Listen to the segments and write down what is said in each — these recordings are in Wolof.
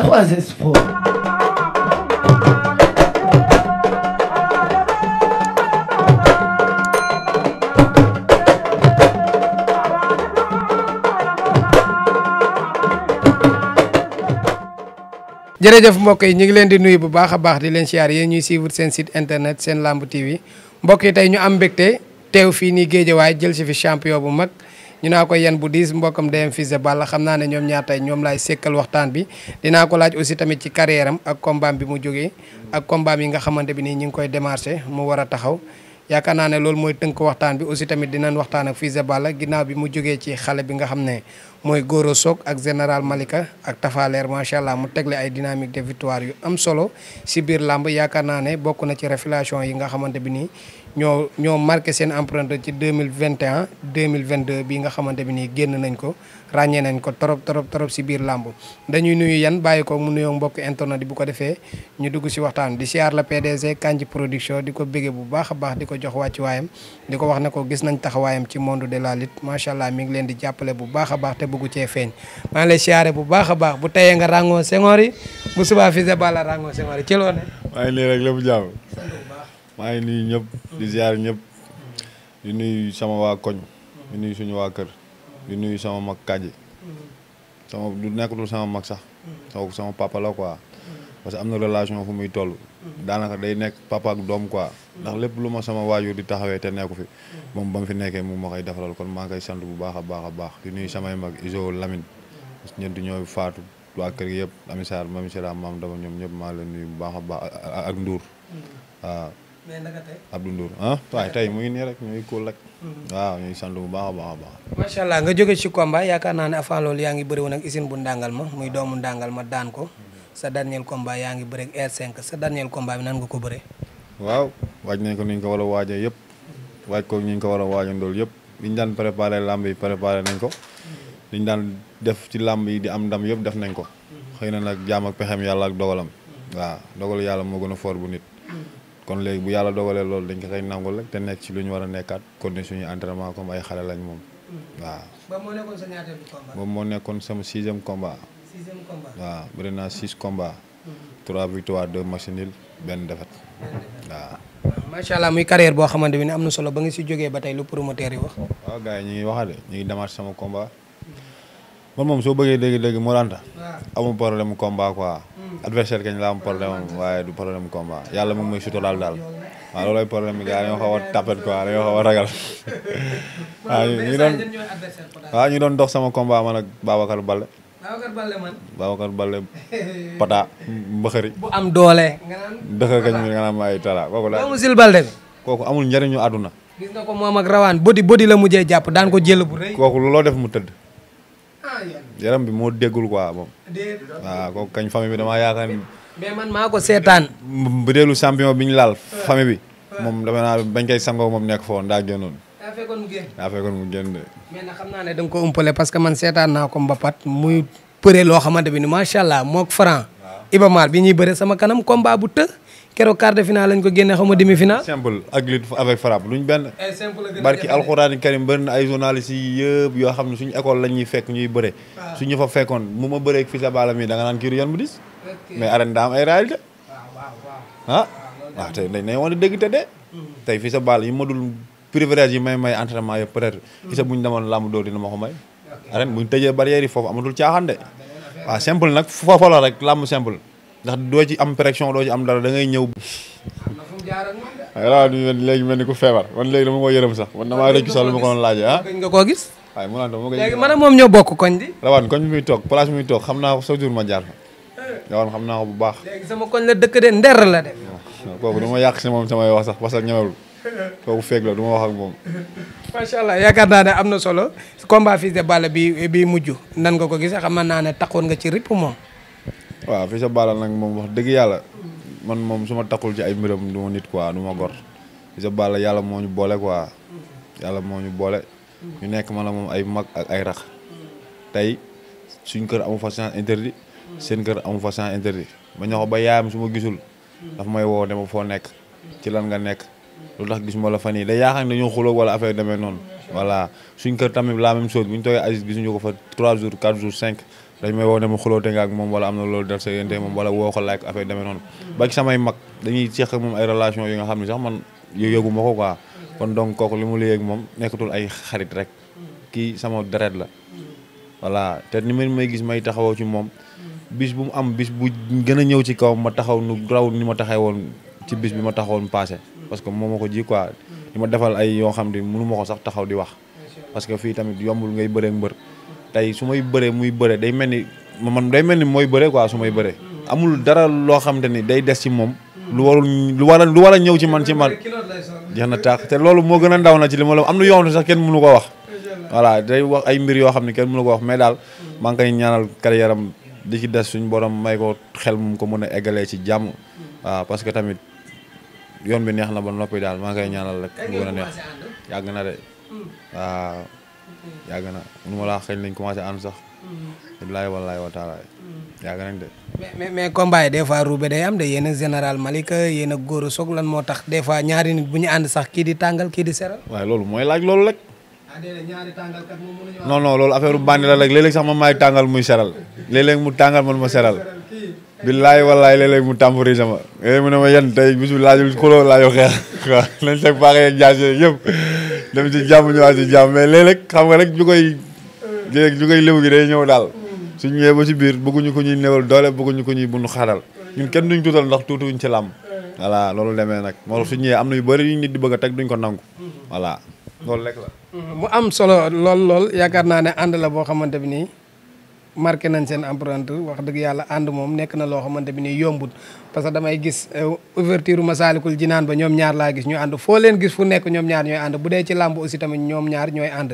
3 jërëjëf mbokk yi ñu ngi leen di nuyu bu baax a baax di leen siyaar yéen ñuy suivre seen site internet seen lamb TV mbokk yi tey ñu am mbégte teew fii ni géejawaay jël si fi champion bu mag ñu naa ko yan bu diis mbokkam DM Fils de xam naa ne ñoom ñaatay ñoom laay sekkal waxtaan bi dinaa ko laaj aussi tamit ci carrière am ak combat bi mu jógee ak combat yi nga xamante bi nii ñu ngi koy démarché mu war a taxaw yaakaar naa ne loolu mooy tënk waxtaan bi aussi tamit dinan waxtaan ak Fils de Balla ginnaaw bi mu jógee ci xale bi nga xam ne mooy Goro Sock ak général Malika ak Tafaleer macha allah mu tegle ay dynamique de victoire yu am solo si biir làmb yaakaar naa ne bokk na ci révélation yi nga xamante bi nii ñoo ñoo marqué seen empreinte ci deux mille vingt et un deux mille vingt deux bii nga xamante bi nii génn nañ ko ràññee nañ ko torop torop torop si biir làmb dañuy nuyu yan bàyyi ko mu nuyoo mbokk internet bu ko defee ñu dugg si waxtaan di siyaar la PDG Kandji production di ko bége bu baax a baax di ko jox waayam di ko wax na ko gis nañ taxawaayam ci monde de la lit macha allah mi ngi leen di jàppale bu baax a baax te bëggu cee feeñ maa ngi siyaare bu baax a baax bu teyee nga ràngoo sengoor yi bu subaa fi se bala ràngoo loo ne. maa ngi nuyu ñëpp di ziar ñëpp di nuyu sama waa koñ di nuyu suñu waa kër di nuyu sama mag kàjji sama du nekkatul sama mag sax sama sama papa la quoi parce que am na relation fu muy toll daanaka day nekk papa ak doom quoi ndax lépp lu ma sama waajur di taxawee te nekku fi moom ba mu fi nekkee mu ma koy defaral kon maa ngi koy sant bu baax a baax a baax di nuyu samay mag iso Lamine parce que faatu waa kër gi yëpp amisaar mamisira maam dama ñoom ñëpp maa la nuyu bu baax a baax ak Ndour Abdou Ndour ah waaye tey mu ngi nii rek ñooy kóol rek. Mm-hmm. waaw ñuy sant bu baax a baax a baax. macha allah nga jóge ci combat yaakaar naa ne avant loolu yaa ngi bëri woon ak usine bu ndàngal ma muy doomu ndàngal ma daan ko sa dernier combat yaa ngi bëri ak R5 sa dernier combat bi nan nga ko bëree. waaw waaj nañ ko ni ko war a waaja yëpp waaj ko ñu ko war a waajandool yëpp li ñu daan préparé làmb yi préparé nañ ko li ñu daan def ci làmb yi di am ndam yëpp def nañ ko. Mm-hmm. na nag jaam ak pexem yàlla ak dogalam. Mm-hmm. waaw dogalu bu nit. kon léegi bu yàlla dogalee loolu dañ ko koy nangul rek te nekk ci lu ñu war a nekkaat continuer suñu entraînement comme ay xale lañ moom. Mm. waaw. ba moo nekkoon moom nekkoon sama sixième combat. sixième combat waaw naa six mm. combats. Mm. trois victoires deux machine nuls benn défaite waaw. macha allah muy carrière boo xamante bi ne am na solo ba ngi si jógee ba tey lu promoteur yi wax. waaw gars yi ñu ngi waxa de ñu ngi demaat sama combat man moom soo bëggee dégg-dégg Moranta. waaw amul problème mu combat quoi. adversaire kañ la am problème waaye du problème combat yàlla moom mooy suturaal daal waaw loolooy problème bi gars dañoo xaw a tapet quoi dañoo xaw ragal waaw ñu doon dox sama combat man ak Babacar Baldé Babacar Baldé man mbëxëri am doole dëkk kañ mi nga naan ay kooku la doomu Sil Baldé bi kooku amul njëriñu àdduna gis nga ko moom ak rawaan bodi bodi la mujjee jàpp daan ko jël bu rëy def mu tëdd yaram bi moo déggul quoi moom. waaw kooku kañ famille bi damaa yaakaar ni. mais man maa ko seetaan. bu deelu champion bi ñu laal famille bi. moom defe naa bañ koy sangoo moom nekk foofu daa fekkoon daa fekkoon mu génn de. mais da ko umpale parce que man seetaan naa ko mbapat muy përe loo xamante bi ni macha allah moog franc. Iba Mar bi sama kanam combat bu të. keroog quart de finale lañ ko génne xaw ma demi finale. simple ak lutte avec frappe luñ benn. Eh, barki alxuraani karim bëri ay journalistes yi yëpp yoo xam ne suñu école la ñuy fekk ñuy bëre. suñu fa fekkoon mu ma bëree fii sa baalam yi da nga naan kii yan bu dis. mais arène daa am ay réalité. ah waaw tey dañ ne woon te de. Mhm. tey fii sa yi ma dul privilège yi may may entraînement yëpp peut être. Mhm. isa bu ñu demoon làmb dóor dina ma ko may. arène bu ñu tëjee barrière yi foofu amatul caaxaan de. waaw simple nag foofa la rek làmb simple. ndax doo ci am pression doo ci am dara da ngay ñëw. waaw léegi mel ni ku feebar man léegi dama ko yërëm sax man damaa rëccu sax lu ma ko doon laajee ah. nga koo gis. waaye mu naan man moom ñoo bokk koñ di. rawaan koñ bi muy toog place xam naa ko chaque jour ma jaar fa. Eh. xam naa bu baax. sama koñ la dëkk de la kooku du yàq si moom samay wax sax parce que ñemewul kooku feeg la du ma wax ak moom. macha allah yaakaar naa ne am na solo combat Fils de Balla bi bi mujj nan nga ko gisee xam naa ne taxoon nga ci rip moom waaw Fils de Balla nag moom wax dëgg yàlla man moom su ma taxul ci ay mbiram du ma nit quoi du ma gor Fils de Balla yàlla moo ñu boole quoi yàlla moo ñu boole ñu nekk man la moom ay mag ak ay rax tey suñ kër amu fa sens interdit seen kër amu fa sens interdit ma ñoo ko ba yaayam su ma gisul daf may woo dama foo nekk ci lan nga nekk lu tax gis ma la fan yii day yaakaar ne dañoo xuloo wala affaire demee noonu voilà suñ kër tamit la même chose bu ñu toogee Aziz gisuñu ko fa 3 jours 4 jours 5 dañ may woo ne ma xulóote nga ak moom wala am na loolu def sa yéente moom wala woo ko like affaire demee noonu ba ci samay mag dañuy seq ak moom ay relation yi nga xam ne sax man yëgu ma ko quoi kon donc kooku li mu lay moom nekkatul ay xarit rek kii sama deret la voilà te ni man may gis may taxawoo ci moom bis bu mu am bis bu gën a ñëw ci kawam ma taxaw nu raw ni ma taxee woon ci bis bi ma taxawoon passé parce que moom ma ko ji quoi li ma defal ay yoo xam ne mënu ma ko sax taxaw di wax parce que fii tamit yombul ngay bëreek mbër tey su may bëree muy bëre day mel ni man day mel ni mooy bëre su may bëree. amul dara loo xam te ni day des ci moom. lu warul lu war a lu war a ñëw ci man ci man. jeex na taax te loolu moo gën a ndaw na ci li ma la am na yoo xam sax kenn mënu ko wax. voilà day wax ay mbir yoo xam ne kenn mënu ko wax mais daal maa ngi koy ñaanal carrière yaram di ci des suñu borom may ko xel mu ko mën a eggalee ci jàmm. waaw parce que tamit yoon bi neex na ba noppi daal maa ngi koy ñaanal rek mu gën a neex yàgg na de mm. waaw. yàgg na nu ma laa xëy nañ commencé ànd sax. Mm-hmm. bilaay laay wa taala mm-hmm. yàgg nañ de. mais mais mais combat yi des fois ruube day am de yéen général mali yéen a góor a soog lan moo tax des fois ñaari nit bu ñu ànd sax kii di tàngal kii di seral. waaye loolu mooy laaj loolu rek. ah déedéet ñaari tàngal kat moom mënuñu. loolu affaire bandi la rek léeg-léeg sax ma maay tàngal muy seral léeg mu tàngal man ma seral. billaay wallaay léeg-léeg mu tàmburi sama léeg-léeg mu ne ma yan tey bisu laajul xuloo laajul xeex waaw nañ seg baaxee ak jaas yëpp dem ci jàmm ñëwaat ci jàmm mais léeg xam nga rek ñu koy léeg ñu koy léwu gi day ñëw daal su ñëwee ba si biir bëgguñu ko ñuy néewal doole bëgguñu ko ñuy bunu xaaral ñun kenn duñ tuutal ndax tuutuñ ci làmb voilà loolu demee nag moo suñ ñëwee am na yu bëri yu nit di bëgg a teg duñ ko nangu voilà loolu rek la mu am solo lool lool ne ànd la boo xamante bi nii marqué nañ seen empreinte wax dëgg yàlla ànd moom nekk na loo xamante bi nii yombut parce que damay gis euh, ouverture Masaalikul Jinaan ba ñoom ñaar laa gis ñu ànd foo leen gis fu nekk ñoom ñaar ñooy ànd bu dee ci làmb aussi tamit ñoom ñaar ñooy ànd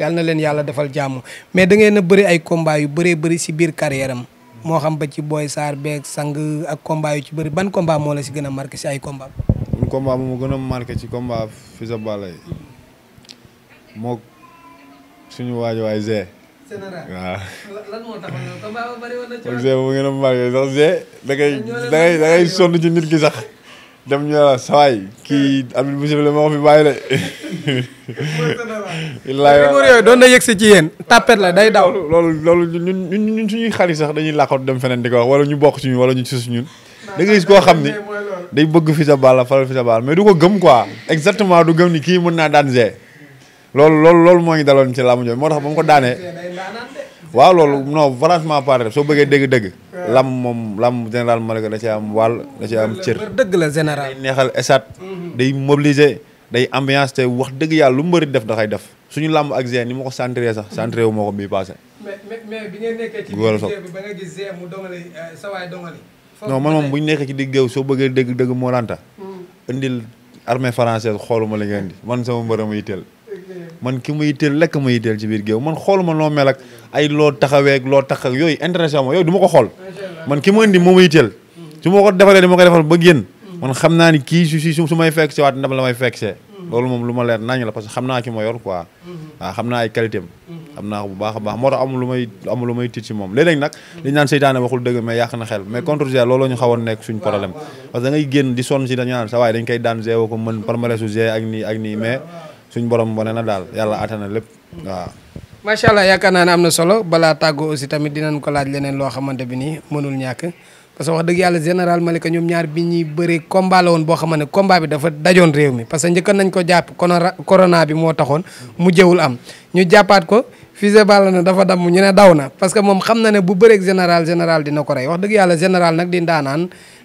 yàlla na leen yàlla defal jàmm mais da ngeen a bëri ay combat yu bëree bëri si biir carrière am moo xam ba ci booy saar beeg sang ak combat yu ci bëri ban combat moo la si gën a marqué si ay combat un combat mu gën a marqué ci combat Fils de Balla yi suñu waajo général waaw ah. lan moo taxoon loolu combat ba a marqué sax Zé da ngay sonn ci nit ki sax dem ñu la sawaay kii amit monsieur le moo fi bàyyi de. illaahi waaw yooyu doon na yëgsi ci yéen tapet la day daw. loolu loolu ñun ñun ñun suñuy xarit sax dañuy làqatu dem feneen di ko wala ñu bokk ci ñun wala ñu ci suñu ñun. da gis koo xam ni day bëgg Fils de Balla faral Fils de Balla mais du ko gëm quoi exactement du gëm ni kii mën naa daan Zé. loolu loolu loolu moo ñu daloon ci làmb jooju moo tax ba mu ko daanee waaw loolu non franchement parler soo bëggee dëgg-dëgg lam moom làmb général Malika da ci am wàll da ci am cër dëgg la day neexal esat mhm. day mobiliser day ambiance te wax dëgg yàlla lu mbëri def da def suñu làmb ak Zé ni ma ko centré sax centré wu ma ko bii passé mais mais bi ngeen nekkee ci man moom euh, bu ñu ci digg géew soo bëggee dëgg dëgg moo ranta mhm. indil armée française xooluma li ngeen di man sama mbër a ma yitteel man ki muy itteel lekk muy itteel ci biir géew man xooluma noo mel ay loo taxaweeg loo tax yooyu intéressant ma yooyu du ma ko xool man ki mu indi ba moom ay qualité a baax moo tax amul lu may amul lu may si moom léeg-léeg nag naan seytaane waxul dëgg mais yàq na xel mais contre Zé loolu ñu xawoon nekk suñ problème parce que da génn di sonn si dañu naan sa dañ koy daan Zé woo ko mën palmarèsu Zé ak ak nii mais suñ borom bone na daal yàlla atana lépp waaw macha allah yaakaar naa ne am na solo balaa tàggoo aussi tamit dinañ ko laaj leneen loo xamante bi nii mënul ñàkk parce wax dëgg yàlla général Malika ñoom ñaar bi ñuy bëree combat woon boo xam ne bi dafa dajoon réew mi parce que nañ ko jàpp corona bi moo taxoon mu am ñu jàppaat ko Fils Balla na dafa damm ñu ne daw na parce moom xam na ne bu bëreeg général général dina ko rey wax dëgg yàlla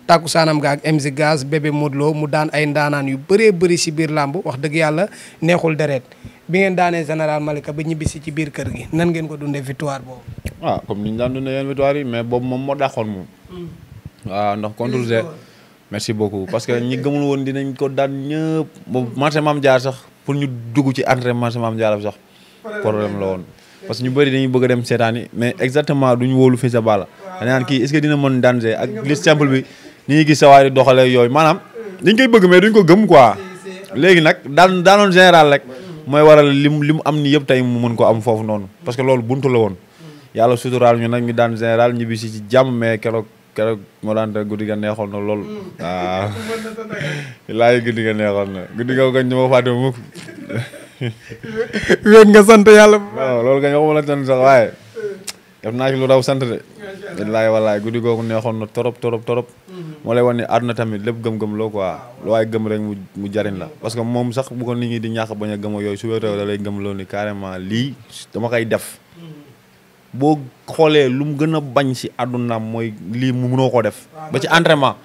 tàkku saanam ga ak MC Gaz bébé Modou Lo mu daan ay ndaanaan yu bëree bëri si biir làmb wax dëgg yàlla neexul deret bi ngeen daanee général Malika ba ñibbisi ci biir kër gi nan ngeen ko dundee victoire boobu. waaw ah, comme ni ñu daan dundee yenn victoire yi mais boobu moom moo dàqoon moom. waaw mm. ah, ndax contre G. merci beaucoup parce que ñi gëmul woon dinañ ko daan ñëpp boobu marché maam jaar sax pour ñu dugg ci entraînement marché maam jaar sax problème la woon. parce que ñu bëri dañuy bëgg a dem seetaani mais exactement duñu wóolu fii sa bala. waaw dañu bi. ni ñuy gis sa yooyu maanaam dañ koy bëgg mais duñ ko gëm quoi léegi nag daan daanoon général rek mooy waral lim li mu am ni yëpp tey mu mun ko am foofu noonu parce que loolu buntu la woon yàlla suturaal ñu nag ñu daan général ñibbi si ci jàmm mais keroog keroog moo daan te guddi ga neexoon na lool waaw laay guddi ga neexoon na guddi ga gañ dama nga sant yàlla waaw loolu gañ la sant sax waaye def naa ci lu raw sant de. wallaay wallaay guddi googu neexoon na torop torop torop. Mhm. moo lay wan ne àdduna tamit lépp gëm-gëm loo quoi lu waay gëm rek mu mu jariñ la parce que moom sax bu ko nit ñi di ñaax bañ a gëm yooyu su wéetoo da lay gëm loo ni carrément lii dama koy def. Mhm. boo xoolee lu mu gën a bañ si àdduna mooy lii mu mënoo ko def ba ci entraînement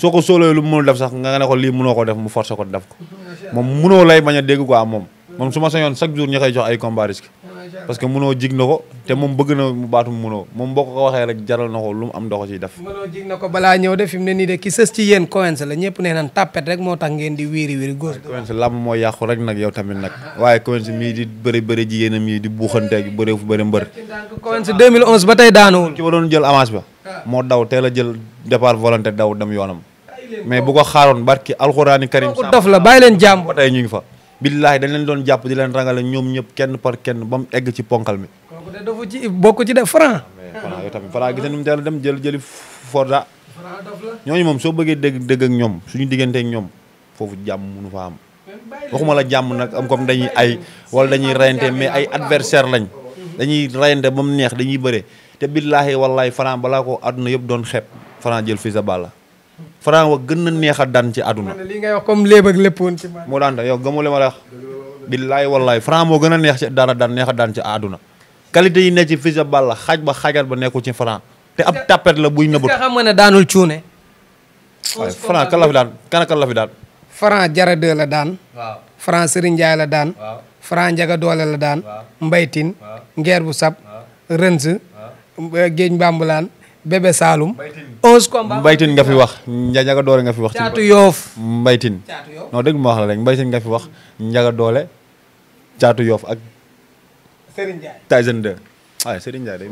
soo ko soolee lu mu mënul def sax nga ne ko lii mënoo ko def mu forcé ko def ko moom mënoo lay bañ a dégg quoi moom moom su ma sañoon chaque jour ña koy jox ay combat risque parce que mënoo jig na ko te moom bëgg na mu baatum mënoo moom boo ko waxee rek jaral na ko lu mu am doxo ciy def ko balaa ñëw def fi mu ne nii de ki sës ci yéen Quench la ñëpp nee nan tàppet rek moo tax ngeen di wiiri wiiri góos Quench làmb moo yàqu rek nag yow tamit nag waaye Quench mii di bëri bëri jigéenam mii di buuxanteeg bëri fu bëri mbër Quench 2011 ba tey daanuwul ki ba doon jël avance ba moo daw teel a jël départ volonté daw dem yoonam mais bu ko xaaroon barki alxuraani karim dof la bàyyi leen jàmm ba tey ñu ngi fa billahi dañ leen doon jàpp di leen rangale ñoom ñëpp kenn par kenn ba mu egg ci ponkal mi. kooku de dafa ci bokk ci def Franc. Ah, mais Franc yow tamit Franc gis nañu dem jël jëli Forza. ñooñu moom soo bëggee dégg dégg ak ñoom suñu diggante ak ñoom foofu jàmm mënu fa am. waxuma la jàmm nag am comme dañuy ay wala dañuy reyante mais ay adversaire lañ. dañuy reyante ba mu neex dañuy bëre te billahi wallahi Franc balaa ko àdduna yëpp doon xeeb Franc jël fii sa balla Franc wa gën na neex a daan ci àdduna. li ngay comme léeb ak lépp moo daan yow gëmu li ma la wax. billaay wallaay moo gën a neex ci daan daan neex a daan ci àdduna. qualité yi ne ci Fils de Balla xaj ba xajal ba nekkul ci Franc. te ab tapet la buy nëbbu. xam nga ne daanul cuune. waaye Franc kan la fi daan kan kan la daan. Franc la daan. waaw Franc Doole la daan. Mbaytin. Ngeer bu Sab. waaw Rëns. waaw Géej Mbambulaan. Bébé Saloum. onze combats mbaytin nga fi wax njaga doole nga fi wax. caatu yoof mbaytin non dëgg ma wax la rek mbaytin nga fi wax njaga doole caatu yoof ak. Serigne Ndiaye Tyson 2 waaye Serigne Ndiaye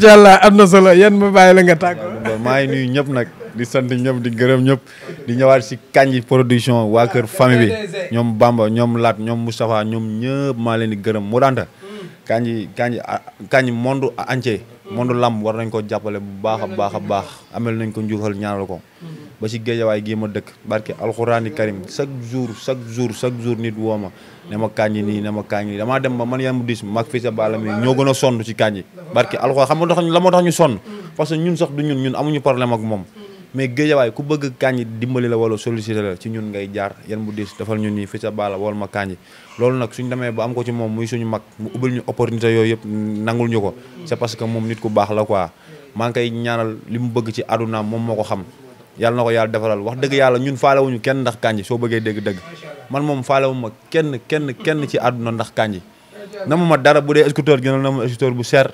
day am na solo yan ma bàyyi la nga tàggoo. maa ngi nuyu ñëpp nag di sant ñëpp di gërëm ñëpp di ñëwaat si Kandji production waa kër famille bi ñoom Bamba ñoom Lat ñoom Moustapha ñoom ñëpp maa leen di gërëm mu daanta Kandji Kandji Kandji monde entier monde lam war nañ ko jàppale bu baax a baax a baax amel nañ ko njuuxal ñaanal ko ba ci géejawaay gii ma dëkk barke alxuraani karim chaque jour chaque jour chaque jour nit woo ma ne ma Kandji nii ne ma Kandji nii damaa dem ba man yaram dis mag fii sa baala ñoo gën a sonn ci Kandji barke alxuraan xam nga la tax ñu sonn parce que ñun sax du ñun ñun amuñu problème ak moom mais géejawaay ku bëgg kàññi dimbali la wala sollicité la ci ñun ngay jaar yan bu diis dafal ñun nii fi sa baala wala ma kàññi loolu nag suñ demee ba am ko ci moom muy suñu mag mu ubbil ñu opportunité yooyu yëpp nangul ñu ko c'est parce que moom nit ku baax la quoi maa ngi koy ñaanal li mu bëgg ci àddunaam moom moo ko xam yàlla na ko yàlla defaral wax dëgg yàlla ñun faalewuñu kenn ndax kànji soo bëggee dégg-dëgg man moom faalewuma kenn kenn kenn ci àdduna ndax kànji na ma ma dara bu dee scooter gënal na ma scooter bu cher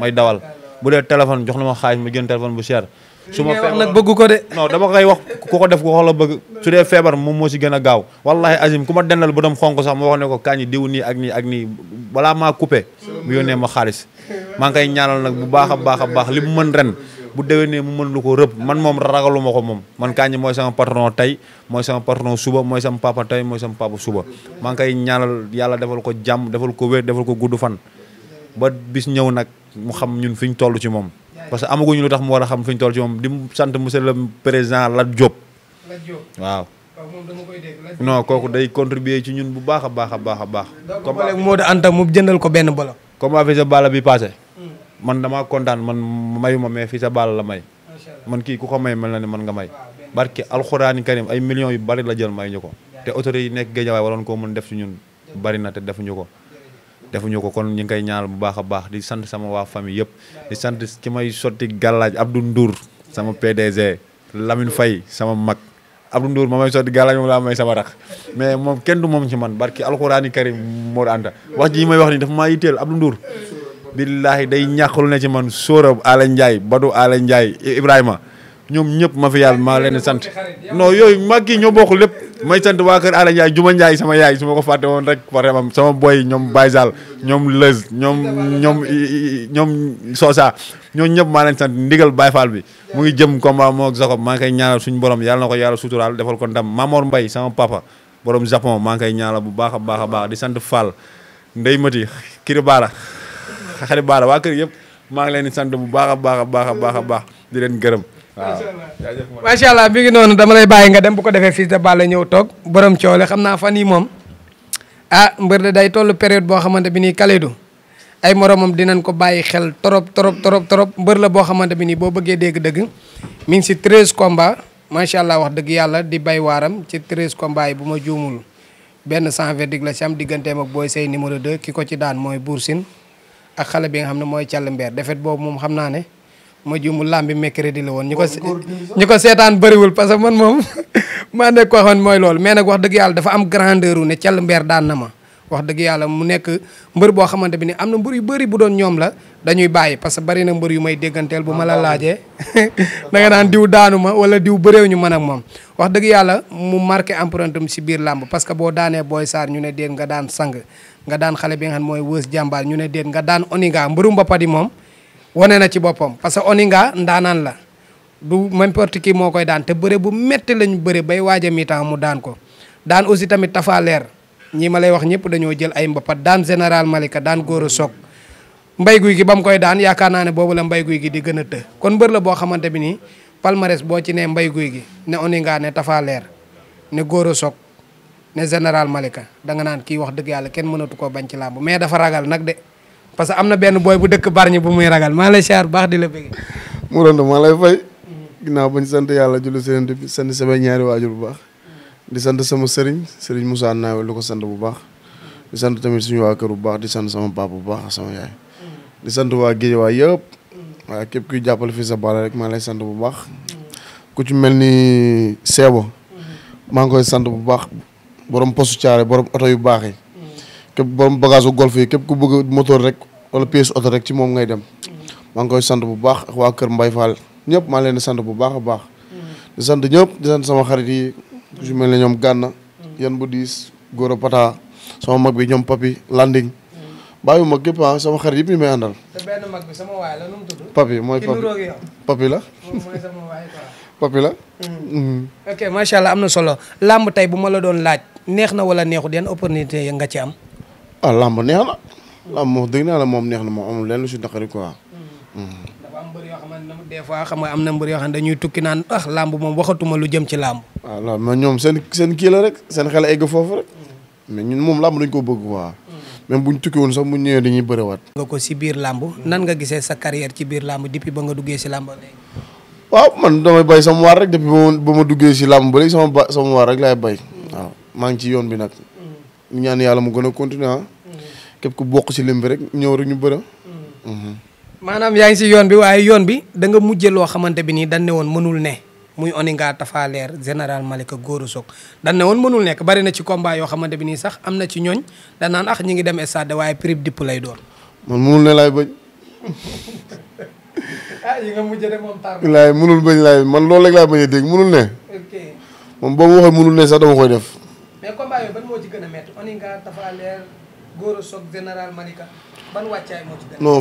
may dawal bu dee téléphone jox na ma xaalis ma jënd bu cher su ma feebar nag bëgg ko de. non dama koy wax ku ko def ko xool la bëgg su dee feebar moom moo si gën a gaaw wallahi azim ku ma dendal ba dem xonk sax ma wax ne ko kañ diw nii ak nii ak nii balaa maa coupé. mu yónnee ma xaalis. maa ngi koy ñaanal nag bu baax a baax a baax li mu mën ren bu dewee ne mu mën lu ko rëb man moom ragaluma ko moom man kaa Kandji mooy sama patron tey mooy sama patron suba mooy sama papa tey mooy sama papa suba maa ngi koy ñaanal yàlla defal ko jàmm defal ko wér defal ko gudd fan ba bis ñëw nag mu xam ñun fi ñu toll ci moom parce que amaguñu lu tax mu war a xam fi tool toll ci moom di sant monsieur le président la Diop. waaw. non kooku day contribuer ci ñun bu baax a baax a baax a baax. comme léegi Modou Anta mu jëndal ko benn bala. comme affaire sa bala bi passé. Hmm. man damaa kontaan man mayuma mais fii sa baala la may. man kii ku ko may mel na ne man nga may. barke alxuraani karim ay millions yu bari la jël may ñu ko. te autorités yi nekk géejawaay waroon koo mën def ci ñun. bari na te defuñu ko. defuñu ko kon ñu ngi koy ñaanal bu baax a baax di sant sama waa famille yëpp di sant ki may sotti gàllaaj Abdou nduur sama PDG Lamine fay sama mag Abdou Ndour ma may sotti gàllaaj moom laa may sama rax mais moom kenn du moom si man barki alxuraani karim moo anta wax ji may wax ni dafa maa yitteel Abdou nduur billaahi day ñàkk lu ne ci man sóora Ala Ndiaye badu Ala Ndiaye Ibrahima ñoom ñëpp mafia bi maa leen sant non yooyu mag yi ñoo bokk lépp may sant waa kër Alla Ndiaye Juma Ndiaye sama yaay su ma ko fàtte woon rek paramam sama boy ñoom Baye Sall ñoom ñoom ñoom ñoom Sosa ñoo ñëpp maa leen sant ndigal Baye bi mu ngi jëm combat moo ak maa ngi koy ñaanal suñu borom yàlla na ko yàlla suturaal defal ko ndam Mamor Mbaye sama papa borom Japon maa ngi koy ñaanal bu baax a baax a baax di sant Fall Ndey Mati Kiri Baara Xari Baara waa kër yëpp maa ngi leen di sant bu baax a baax a baax a baax di leen gërëm waaw macha allah bi ngi noonu dama lay bàyyi nga dem bu ko defee Fils de Balla ñëw toog borom coole xam naa fan yi moom ah mbër de day toll période boo xamante bi nii Kalidou ay moromam dinañ ko bàyyi xel trop trop trop trop mbër la boo xamante bi nii boo bëggee dégg dëgg mi ngi si treize combats macha allah wax dëgg yàlla di bay waaram ci treize combats yi bu ma juumul benn sans verdict la si am digganteem ak booy Seye numéro 2 ki ko ci daan mooy Bour Sine ak xale bi nga xam ne mooy Thial Mbeer defet boobu moom xam naa ne. ma juumul làmbi mercredi la woon. ñu ko ñu ko seetaan bëriwul parce que man moom maa nekk ko waxoon mooy loolu mais nag wax dëgg yàlla dafa am grandeur wu ne Thiel Mber daan na ma. wax dëgg yàlla mu nekk mbër boo xamante bi ni am na mbër yu bëri bu doon ñoom la dañuy bàyyi parce que bari na mbër yu may dégganteel bu ma la ah, laajee da naan diw daanu ma wala diw bëréew ñu mën ak moom wax dëgg yàlla mu marqué empreinte am si biir làmb parce que boo daanee Boy Sarr ñu ne déet nga daan sang nga daan xale bi nga xam mooy wës jàmbaar ñu ne déet nga daan Oniga mbërum ba padi moom wane na ci boppam parce que Oninga ndaanaan la du n'importe qui moo koy daan te bëre bu métti lañu bëre bay waaj a mi-temps mu daan ko daan aussi tamit Tapha Leer ñi ma lay wax ñëpp dañoo jël ay mbapat daan général Malika daan góor a soog mbay gi ba mu koy daan yaakaar naa ne boobu la mbay gi di gën a të kon mbër la boo xamante bi nii palmarès boo ci ne mbay gi ne Oninga ne Tapha Leer ne góor a ne général Malika danga naan kii wax dëgg yàlla kenn mënatu ko bañ ci làmb mais dafa ragal nag de parce que am na benn booy bu dëkk barñi bu muy ragal maa lay siyaar baax di la bëgg. mu rënd maa lay fay. ginnaaw bañ sant yàlla julli seen bi sant samay ñaari waajur bu baax. di sant sama sëriñ sëriñ Moussa Naawe lu ko sant bu baax. di sant tamit suñu waa kër bu baax di sant sama papa bu baax ak sama yaay. di sant waa géej waa yëpp. waaye képp kuy jàppale fii sa Balla rek maa lay sant bu baax. ku ci mel ni Seebo. maa ngi koy sant bu baax borom posu caare borom oto yu baax yi. képp borom bagage golf yi képp ku bëgg moteur rek wala pièce oto rek ci moom ngay dem maa ngi koy sant bu baax waa kër Mbaye Fall ñëpp maa leen di sant bu baax baax di sant ñëpp di sant sama xarit yi ju mel ne ñoom gànna yan bu diis góor a pata sama mag bi ñoom papi landing bàyyi ma képp ah sama xarit yëpp ñu may àndal. papi mooy papi papi la. mooy sama papi la. Mm. Mm-hmm. ok allah am na solo làmb tey bu ma la doon laaj neex na wala neexut yan opportunité nga ci am. ah làmb neex na. làmb moom dëgg naa la moom neex na moom amul lenn si naqari quoi. dafa am mbër yoo xamante am na mbër yoo xam ne dañuy tukki naan ah làmb moom waxatuma lu jëm ci làmb. waaw ah, loolu mais ñoom seen seen rek seen xel egg foofu ñun moom làmb dañ ko bëgg quoi. même bu ñu tukki woon mu ñëwee dañuy bëriwaat. nga ko si biir làmb nan nga gisee sa carrière ci biir làmb depuis ba nga duggee si làmb léegi. waaw man damay bay sama waar rek depuis ba ma duggee si làmb ba léegi sama ba sama waar rek laay bay. Mm. waaw maa ngi ci yoon bi nag. ñaan yàlla mu gën a continuer ah. képp ku bokk ci lim rek ñëw rek ñu bëre. Mm-hmm. maanaam yaa ngi ci yoon bi waaye yoon bi danga nga mujjee loo xamante bi nii dañ ne woon mënul ne muy Oninga Tapha Leer général Malika Gora Sock dañ ne woon mënul nekk bari na ci combat yoo xamante nii sax am na ci ñooñ da naan ax ah, ngi dem stade waaye prix dipp lay doon. man mënul ne laay bañ. ah yi nga mënul bañ man loolu rek laay bañ a dégg mënul ne. moom boo ma waxee mënul ne sax dama koy def. a métti Oninga Gora Sock général Malika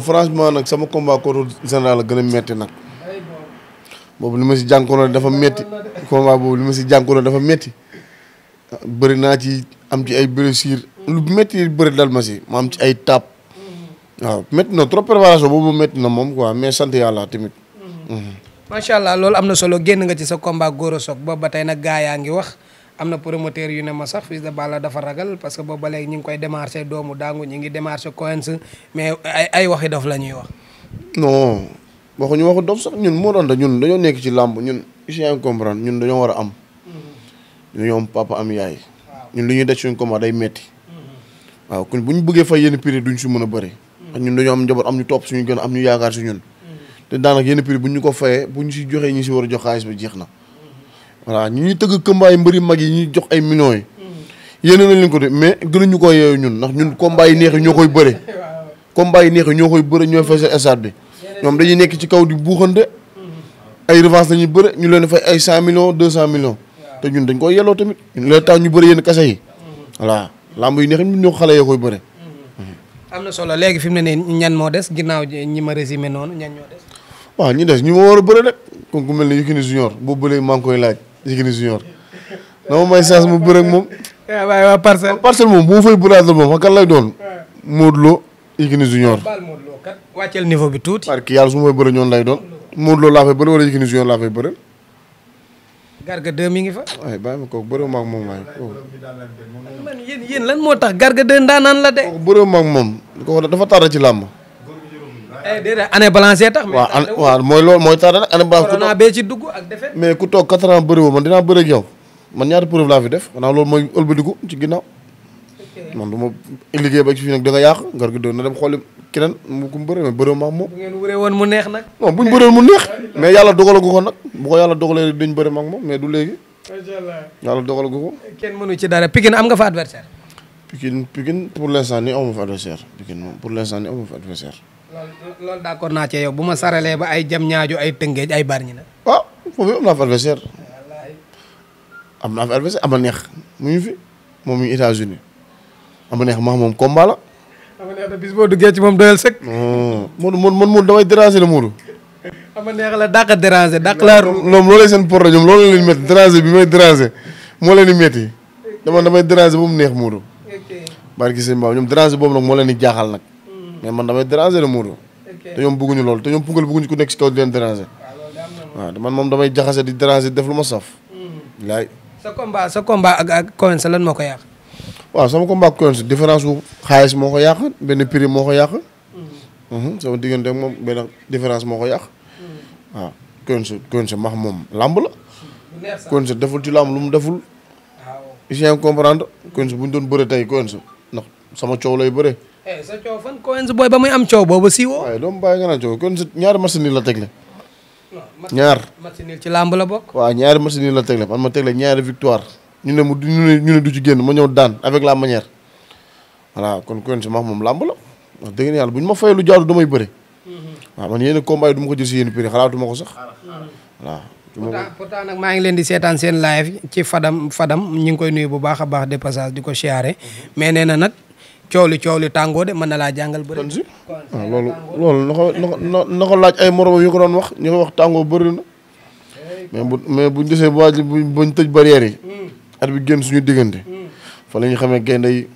franchement nag sama combat contre général la gën a metti nag. boobu li ma si jànkuwoon dafa metti combat boobu li ma si jànkuwoon dafa metti bëri naa ci am ci ay blessures lu metti bëri dal ma si ma am ci ay taab. Mm-hmm. waaw métti na trop préparation boobu métti na moom quoi mais sant yàlla tamit. Mm-hmm. Mm-hmm. macha allah loolu am na solo génn nga ci sa combat Gora Sock boobu ba tey nag gaa yaa ngi wax. am na promoteur yu ne ma sax Fils de Balla dafa ragal parce que boobu ba léegi ñu ngi koy démarché doomu daangu ñu ngi démarché Coense mais ay ay waxi dof la ñuy wax. non waxuñu waxu dof sax ñun moo doon da ñun dañoo nekk ci làmb ñun yaa ngi comprendre ñun dañoo war a am. Mm-hmm. dañoo am papa am yaay. ñun li ñuy def suñu combat day metti mm-hmm. waaw kon bu ñu bëggee fay yenn prix duñ si mën a bëri. ak mm-hmm. ñun dañoo am njaboot am ñu topp suñu gën am ñu yaakaar si ñun. te daanaka yenn a voilà ñu ñuy tëgg combat yi mbëri mag yi ñuy jox ay millions yi. Mm. yéene nañ leen ko de mais gënuñu ko yooyu ñun ndax ñun combat yi neex yi ñoo koy bëre. combat yi neex yi koy bëre ñooy fay seen bi ñoom dañuy nekk ci kaw di buuxante. Mm. ay revanche lañuy bëre ñu leen fay ay cent millions deux cent millions. te ñun dañ koy yelloo tamit le temps ñu bëri yenn kase yi. Mm. voilà lamb yi neex ñun ñoo xale yoo koy bëre. am na solo léegi fi mu ne nii ñan moo des ginnaaw ñi ma résumé noonu ñan ñoo des. waaw ñi des ñi ma war a bëre rek kon ku mel ne Yékini Junior boobu ba léegi koy laaj Yékini junior dama may chance mu bëre moom. Eh, waaye waa parcelle ah, parcelle moom bu moom kan lay doon. Modou Lo Yékini junior. wàcceel niveau bi tuuti. parce lay doon. Modou Lo laa fay junior mi ngi fa. waaye bàyyi ma kooku bëre ma ak moom waaye. man yéen yéen lan moo tax Garga 2 ndaanaan la de. kooku bëre ma ak moom dafa tardé ci làmb. Eh, déedéet année balancée tax. mais waaw mooy loolu mooy tax nag année balancée. corona bee ci dugg ak defet mais ku toog 4 ans bëriwoo man dinaa bëri ak yow man ñaata preuve laa fi def maanaam loolu mooy ëlbatiku ci ginnaaw. man du ma liggéey ba ci fii nag da nga yàq ngar gi doon na dem xooli keneen mu ku mu bëree mais bëree ma ak mu neex nag. non buñ bëree mu neex. mais yàlla dogalagu ko nag bu ko yàlla dogalee duñ bëri ma moom mais du léegi. macha allah yàlla dogalagu ko. kenn mënu ci dara Pikine am nga fa adversaire. Pikine Pikine pour l'instant nii amu fa adversaire Pikine moom pour l'instant nii amu fa adversaire loolu d'accord naa ci yow bu ma saralee ba ay jam ñaaju ay tëngeej ay barñi oh, na. waaw foofu am naa fa adversaire am naa fa adversaire ama neex mu ngi fi moom mi États-Unis ama neex maa moom combat la. bis boo duggee ci moom doyal sëkk. man man man man damay déranger la Modou. ama neex la dàq déranger dàq laa. ñoom loolay seen problème ñoom loolu la ñuy métti déranger bi may déranger moo leen di métti dama damay déranger ba mu neex Modou. ok barki seen baaw ñoom déranger boobu nag moo leen di jaaxal nag. mais man damay déranger moo Modou te ñoom bëgguñu loolu te ñoom pungal bëgguñu ku nekk si kaw di leen déranger man moom damay jaxase di déranger def lu ma saf hmm. laay sa combat ak ak Coense lan moo ko yàq waaw sama combat ak Coense différence bu xaalis moo ko yàq benn prix moo ko yàq hmm. hmm, soo diggante ak moom benn différence moo ko yàq waaw Coense Coense max moom làmb la Coense deful ci làmb lu mu deful icien comprendre Coense bu ñu doon bëre tey Coense ndax sama coow lay bëre eh sa coow fan ba muy am coow boobu siiwoo. waaye doomu bàyyi nga naan coow Coense ñaari match nii la tegle. ñaar match nii ci làmb la bokk. waaw ñaari match nii la tegle man ma tegle ñaari victoire ñu ne mu ñu ne ñu ne du ci génn ma ñëw daan avec la manière voilà kon Coense ma moom làmb la wax dëgg yàlla bu ñu ma fayee lu jaadu damay bëre. Mhm. waaw man yéen a combat yi du ma ko jël si yéen prix xalaatu ko sax ah, ah. voilà. pourtant pourtant nag maa ngi leen di seetaan seen live ci Fadam Fadam ñu ngi koy nuyu bu baax a baax de passage di ko siyaare mhm. mais nee na nag coow li coow li tàngoo de mën na laa jàngal bëri. waaw ah, loolu loolu na ko laaj ay moromam yu ko doon wax ñu ko wax tàngoo bëri na mais bu mais buñ desee bu buñ tëj barrière yi. Hmm. bi génn suñu diggante. Hmm. fa la ñu xamee gaynde yi.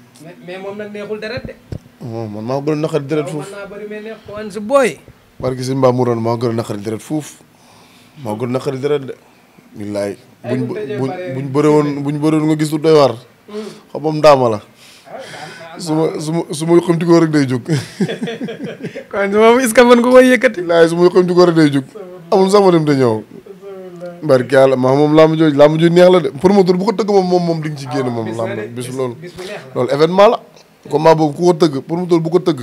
mais moom nag neexul deret de. Oh, man maa gën a naqari deret foofu maa gën a naqari deret foofu maa gën a naqari deret de. billaay buñ buñ buñ bëre woon buñ bëre woon nga gis lu doy war hmm. xam ndaama la. su ma su ma su ma xam ci ko rek day jóg. yëkkati. laay su ma xam ci ko rek day jóg. amul sax ma dem te ñëw. barke maa moom laa ma jooj laa ma jooj neex la de promoteur bu ko tëgg moom moom moom di nga ci génn moom laa loolu loolu la combat boobu ku ko tëgg promoteur bu ko tëgg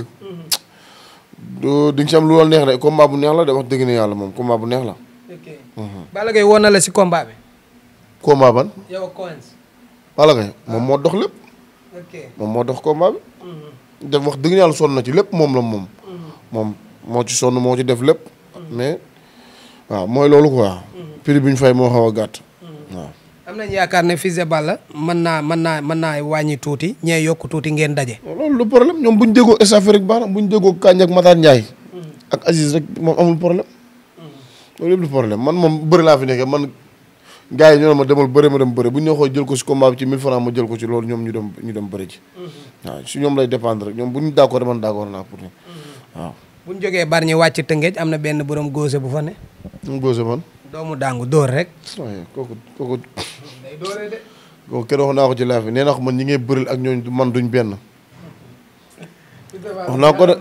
do am lu la neex de combat bu neex la de wax dëgg ne yàlla moom combat bu neex la Balla Gaye woon na la si ban yow Coins moom moo dox lépp moom moo dox combat bi. Mm-hmm. def wax dëgg yàlla sonn na ci lépp moom la moom. Mm-hmm. moom moo ci sonn moo ci def lépp. Mm-hmm. mais waaw mooy loolu quoi. prix bi ñu fay moo xaw a gàtt. waaw. am nañu yaakaar ne Fils de Balla mën naa mën naa mën naa wàññi tuuti ñee yokk tuuti ngeen daje. loolu du problème ñoom bu ñu déggoo SAF rek baax na bu ñu déggoo Kañ ak Matar Ndiaye. ak Aziz rek moom amul problème. loolu yëpp du problème man moom bëri laa fi nekkee gars yi ñoo ma demal bëre ma dem bëre bu ñu ñoo xoo jël ko si combat ci 1000 francs ma jël ko ci loolu ñoom ñu dem ñu dem bëre ji mhm. waaw si ñoom lay dépendre rek ñoom bu ñu d'accord man d'accord naa pour mhm. waaw bu ñu jógee Bargny wàcc Tëngéej am na benn borom góose bu fa ne mu góose man doomu daangu dóor rek kooku kooku day dóoree de kooku kenn wax ko ci laaj bi nee naa ko man ñi ngay man duñ benn wax naa ko de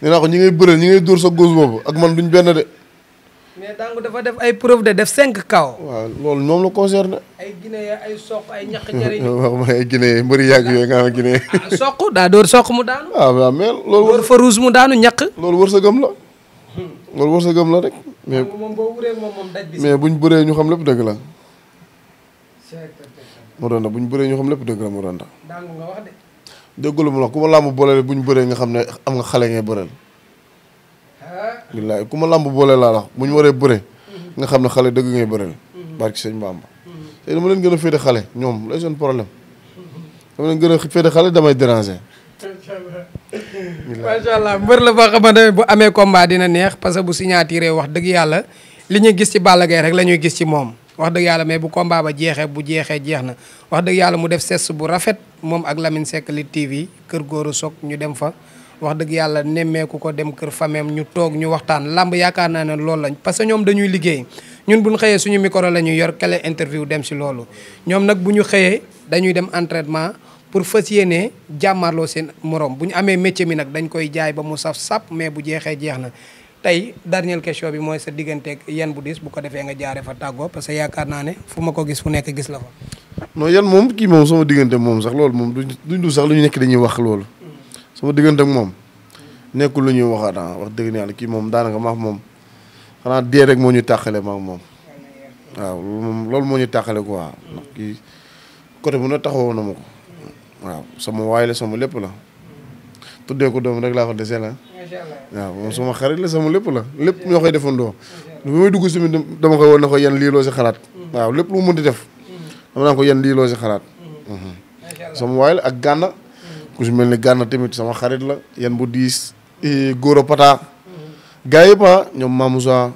nee naa ko ñi ngay bëril ñi ngay dóor sa góos boobu ak man duñ benn de mais Dangu dafa def ay preuve de def cinq kaw. waaw loolu moom la concerné. ay Guinée ay soq ay ñax yàgg yooyu nga ah, ah, soq daa door soq mu daanu. waaw ah, waaw mais loolu. door la. loolu wërsëgam hmm. mais moom boo wuree moom ñu xam lépp dëgg la. Moranda buñ bëree ñu xam lépp dëgg la Moranda. nga wax de. la mu wax ku ma laamu boole bëree nga xam ne am nga xale ngay bëreel. billaay ku ma làmb boole laa wax bu ñu waree bëre nga xam ne xale dëgg ngay bëreel barki sëñ Bamba tey dama leen gën a xale ñoom la seen problème dama leen gën a féete xale damay déranger macha allah la boo xamante bu amee combat dina neex parce que bu signature wax dëgg yàlla li ñuy gis ci Balla Gaye rek la ñuy gis ci moom wax dëgg yàlla mais bu kombaa ba jeexee bu jeexee jeex na wax dëgg yàlla mu def sess bu rafet moom ak Lamine Seck li TV Kër Góoru Sock ñu dem fa wax dëgg yàlla nemmeeku ko dem kër fameem ñu toog ñu waxtaan làmb yaakaar naa ne loolu lañ parce que ñoom dañuy liggéey ñun bu ñu xëyee suñu micro la yor kale interview dem si loolu ñoom nag bu ñu xëyee dañuy dem entraînement pour fas yéene jàmmarloo seen morom bu ñu amee métier mi nag dañ koy jaay ba mu saf sap mais bu jeexee jeex na tey dernière question bi mooy sa digganteeg yan bu dis bu ko defee nga jaare fa tàggoo parce que yaakaar naa ne fu ma ko gis nekk gis la fa non moom kii moom sama diggante moom sax loolu moom duñ duñ sax ñu nekk dañuy wax loolu sama diggante ak moom nekkul lu ñuy waxaat ah, wax dëgg ne yàlla kii moom daanaka maak moom xanaa dee rek moo ñu tàqale maak moom waaw moom loolu moo ñu tàqale quoi ndax kii côté bu ne taxawoo na ma ko waaw sama waay la sama lépp la tuddee ko doom rek laa ko dese la moom sama xarit la sama lépp la lépp ñoo koy defandoo lu muy dugg si dama koy woon na ko yan lii loo si xalaat waaw lépp lu mu mënti def mm-hmm. dama naa ko yan lii loo si xalaat mm-hmm. Mm-hmm. sama waay la ak gànna ku si mel ni gànna tamit sama xarit la yan bu diis góor a pata gars yëpp ah, ñoom Mamoussa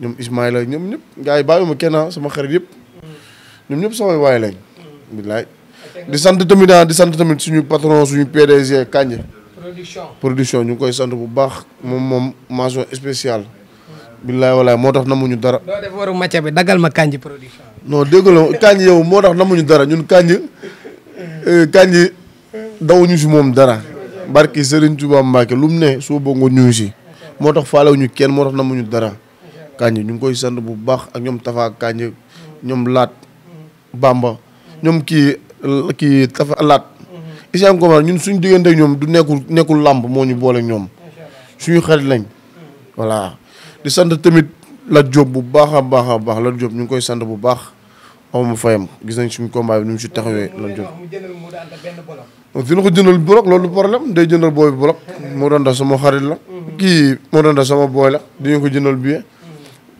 ñoom Ismaïla ñoom ñëpp gars yi ma kenn ah, sama xarit yëpp ñoom ñëpp samay waay lañ bilaay di sant tamit ah di sant tamit suñu patron suñu PDG Kanje production production ñu koy sant bu baax moom moom mention spéciale billaay walaay moo tax namuñu dara. doo def waru macha bi dagal ma Kanje production. non dégg nga Kanje yow moo tax namuñu dara ñun Kanje eh, Kanje. dawuñu si moom dara barki Serigne Touba Mbacke lu mu ne soo bëggoon ñu si moo tax faalewuñu kenn moo tax namuñu dara Kandji ñu ngi koy sant bu baax ak ñoom tafaa Kandji ñoom Laat Bamba ñoom kii kii Tafa Laat. Issa Ngomar ñun suñ diggante ñoom du nekkul nekkul làmb moo ñu boole ñoom suñu xarit lañ voilà di sant tamit la Diop bu baax a baax a baax Lat Diop ñu ngi koy sant bu baax. aw ma fayam gis nañ suñu combat bi nu mu si taxawee loolu fi dina ko jëndal bolok loolu problème day jëndal booy bi moo doon da sama xarit la mhm. kii moo doon da sama booy la ko jëndal billet mhm.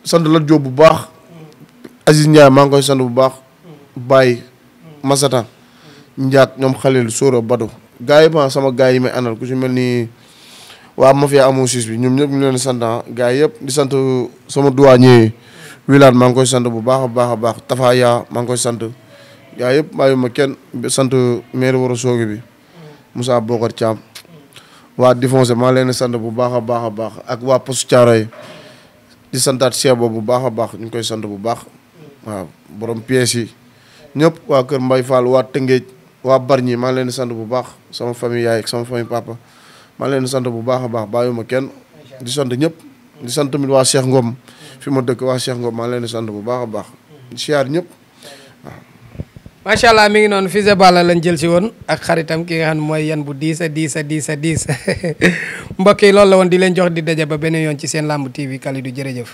sant la Jóob bu baax mhm. Aziz Ndiaye maa ngi koy sant bu baax Baye Masata Ndiak ñoom Khalil Soro Bado gars yi ma sama gaa yi may àndal ku ci mel nii waa mafia amoo siis bi ñoom ñëpp ñu leen sant ah. gars yi yëpp di sant sama duwaañ wilaat maa ngi koy sant bu baax a baax a baax Tafa yaa maa ngi koy sant yaa yëpp bàyyi ma kenn sant maire war a bi musaa Bokar Thiam waa Difoncé maa leen di sant bu baax a baax a baax ak waa Poste yi di santaat Cheikh bu baax a baax ñu ngi koy sant bu baax waaw borom pièces yi ñëpp waa Kër Mbay Fall waa Tëngéej waa Bargny maa leen di sant bu baax sama famille yaay ak sama famille papa maa leen sant bu baax a baax bàyyi ma kenn di sant ñëpp. di sant tamit waa Cheikh Ngom fi ma dëkk waa Cheikh Ngom maa leen sant bu baax a baax siyaar ñëpp waaw. allah mi ngi noonu Fils de Balla lañ jël si woon ak xaritam ki nga xam mooy yan bu diis a diis a diis a diis mbokk yi la woon di leen jox di daje ba beneen yoon ci seen làmb TV Kalidou jërëjëf.